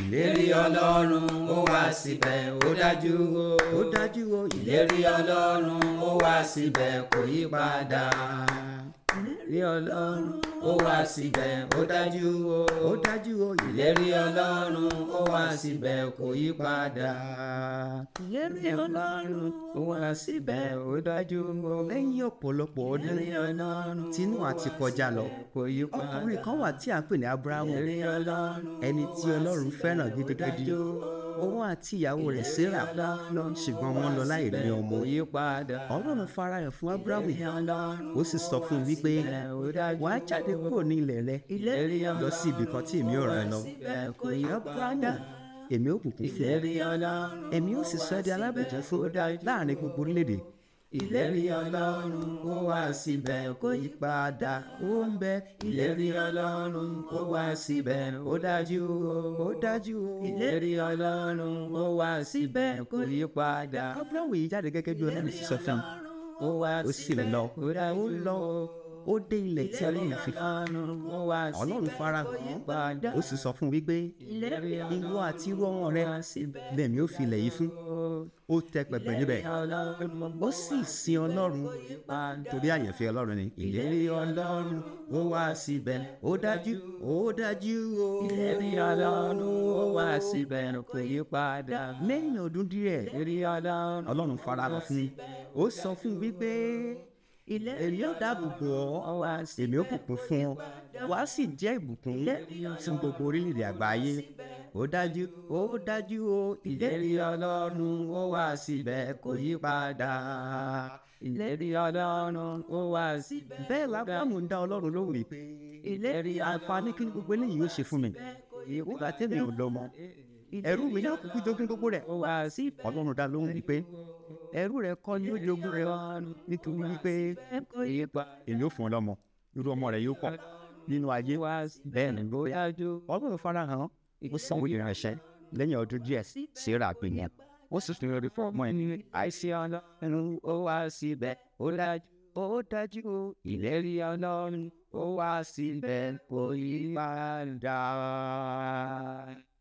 ìlérí ọlọ́run ó wá síbẹ̀ ó dájú o ó dájú o ìlérí ọlọ́run ó wá síbẹ̀ kò yí padà ìlérí ọlọ́run ó wá síbẹ̀ ó dájú o ó dájú o ìlérí ọlọ́run ó wá síbẹ̀ kò yí padà. Yẹ́mi Ọlọ́run wá síbẹ̀ ó dájú o. Lẹ́yìn ọ̀pọ̀lọpọ̀ ọdún tinú àti kọjá lọ, ọkùnrin kan wà tí a ń pè ní Abrahamu, ẹni tí Ọlọ́run fẹ́ràn gidigidi òun àti ìyàwó rẹ̀ Sera ṣùgbọ́n wọ́n lọ láì ní ọmọ. Ọlọ́run farahàn fún Abrahamu ó sì sọ fún un wípé wà á jáde kúrò ní ilẹ̀ rẹ lọ sí ibìkan tí èmi ò rán lọ. Abrahamu èmi ó kùkù fún èmi ó sì sọ ẹ́ di alábòjútó fún láàrin gbogbo orílẹ̀-èdè. ìlérí ọlọ́run ó wá síbẹ̀ kó yípadà ó ń bẹ ìlérí ọlọ́run ó wá síbẹ̀ ó dájú o ó dájú o ìlérí ọlọ́run ó wá síbẹ̀ kó yípadà. abúlé òwe yìí jáde gẹ́gẹ́ bí ọlọ́run ti sọ fún un ó wá sílẹ̀ ó lọ o ó dé ilẹ̀ tí ọlọ́run fi ọlọ́run farahàn ó sì sọ fún wípé ìwọ àti irú ọmọ rẹ lèmi ó filẹ̀ yìí fún ó tẹ pẹpẹ níbẹ̀ ó sì sin ọlọ́run torí àyànfẹ́ ọlọ́run ni ìlérí ọlọ́run ó wá síbẹ̀ ó dájú ó dájú o ìlérí ọlọ́run ó wá síbẹ̀ kò yí padà lẹ́yìn ọdún díẹ̀ ọlọ́run farahàn fún ó sọ fún wípé ilé èmi ó dáàbò bò ọ́ èmi ó bùkún fún ọ wá sì jẹ́ ìbùkún fún gbogbo orílẹ̀-èdè àgbáyé ó dájú ó dájú o ilé ìlérí ọlọ́run ó wà síbẹ̀ kò yí padà ìlérí ọlọ́run ó wà síbẹ̀ bẹ́ẹ̀ lábàámu ń dá ọlọ́run lóhùn ìpè ìlérí àǹfààní kí gbogbo eléyìí yóò ṣe fún mi ìwúgbà tèmi ò lọ mọ ẹrú mi náà kúkú jogún gbogbo rẹ̀ ọlọ́run dá lóhùn ìpè ẹrú rẹ kọ́ ní ojoogun rẹ wá nítorí pé èyí ò fún ọ lọ́mọ irú ọmọ rẹ yóò pọ̀ nínú ayé bẹ́ẹ̀ ni bóyá ọlọ́run farahàn ó sanwó ìrìnàṣẹ́ lẹ́yìn ọdún díẹ̀ síra pè yẹn ó sì tún lórí fún ọmọ yẹn. àìsí ọlọ́run ó wá síbẹ̀ ó dájú ó dájú ìlérí ọlọ́run ó wá síbẹ̀ kò yí máa